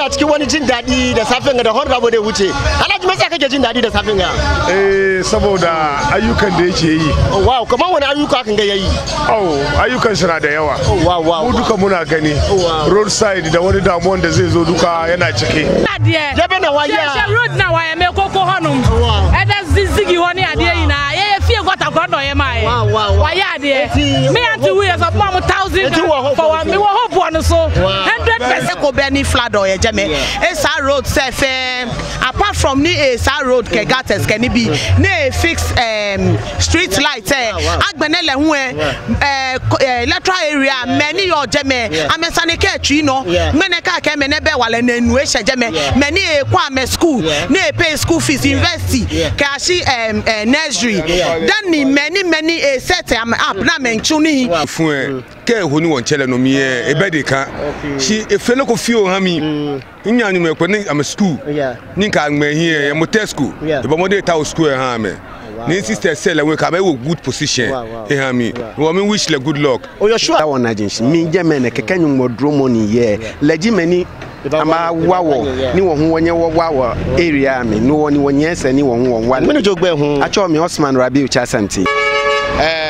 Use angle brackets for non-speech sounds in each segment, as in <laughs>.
kana cikin wani jin daɗi da safin ga da hon rabo da wuce alhaji me yasa kake jin daɗi da safin ga eh saboda ayyukan da yake yi oh wow kamar wani ayyuka kan ga yayi oh ayyukan shi na da yawa oh wow wow mu duka muna gani oh, roadside da wani damuwan da zai zo duka yana cike jebe na waya shi road na waya me koko honum oh, edas zigi honi adie ina ye fie gota gondo ye mai waya adie me oh, anti we as a mom 1000 for one me wo hope one so no bɛni fladɔ yɛ jɛmɛ esa road sɛ apart from ni esa road kɛ mm-hmm. gates kɛ be. bi mm-hmm. ne fix um, street light ɛ agbɛnɛ lɛ hu ɛ electoral area mɛ ni yɔ jɛmɛ amɛsani kɛ you know, mɛnɛ kaa kɛ mɛ ne bɛ wale ne nu esɛ jɛmɛ mɛ ni ekɔ amɛ school ne pay school fees university kɛ asi nursery then many, many ni mɛ ni esɛ tɛ amɛ kɛ honi wɔn kyɛlɛ no miɛ ah, ɛbɛ de ka si efele ko fi o mi n mm. nya nyuma kpɛ ne ame sukuu ni ka ŋmɛ hi eh, yɛ mo tɛ sukuu ibɔmɔde ta o sukuu yɛ hã mɛ ni sister sɛ lɛ ŋun ka bɛ wo good position e hã mi wɔ mi wish lɛ good luck. o yɔ su awɔ na jinsi mi jɛ mɛ nɛ kɛkɛ nyugbɔ duro mɔ nin yɛ lɛji mɛ ni ama wawɔ ni wɔn ho wɔnyɛ wawɔ area mi ni wɔn ni wɔn nyɛ sɛ ni wɔn ho wɔn wa. minnu jo gbɛ hun. atsɔ mi osman rabiu chasanti. ɛɛ eh,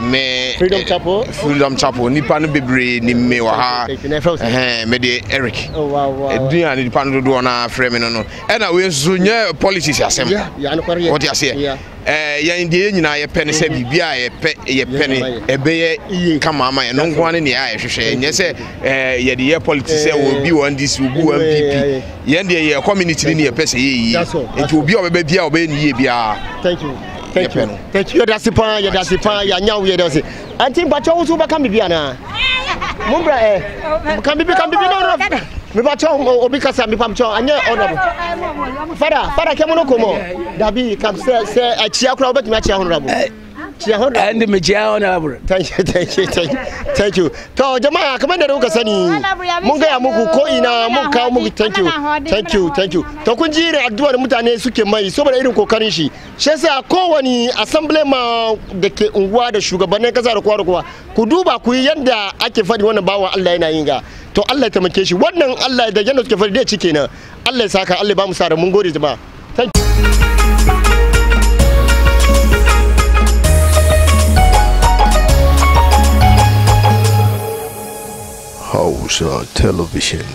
me freedom eh, chapel freedom chapel nipa no bebree ni me wɔ ha ɛhɛn me de eric oh, edin a nipa no dodoɔ na frɛ me no no ɛna wei nso nyɛ politics asɛm wɔte aseɛ ɛɛ eh, yɛn deɛ yɛn nyinaa yɛpɛ ne sɛ biribi a yɛpɛ yɛpɛ ne ɛbɛyɛ kama ama yɛn no nko ne nea yɛhwehwɛ nyɛ sɛ ɛɛ eh, yɛde yɛ politics sɛ obi wɔn dc obi wɔn pp yɛn deɛ yɛ community ne yɛpɛ sɛ yɛ yie nti obi a ɔbɛbɛ bia ɔbɛyɛ ne yie biara thank you thank you yɛda se paa yɛda now we are wo yɛda se anti mpakyɛ wo so wobɛka bibi anaa <laughs> mombra ɛ eh, ka bibi ka bibi no no mepakyɛ obi kasa mepakyɛ anyɛ honorable fada fada kɛmo no kɔmmɔ dabi sɛ sɛ akyia eh, koraa wobɛtumi akyia honorable eh, and mai ciya wani abu thank you thank you thank you to jama'a kamar da kuka sani mun gaya muku ko ina mun kawo muku thank you thank you thank you to kun ji irin addu'ar mutane suke mai saboda irin kokarin shi shi yasa kowani assemblyman da ke unguwa da shugabannin kasa da kowa ku duba ku yi yanda ake faɗi wannan bawan Allah yana yin ga to Allah ya taimake shi wannan Allah da yanda suke fadi dai ci kenan Allah ya saka Allah ba mu sa mun gode jama'a shows television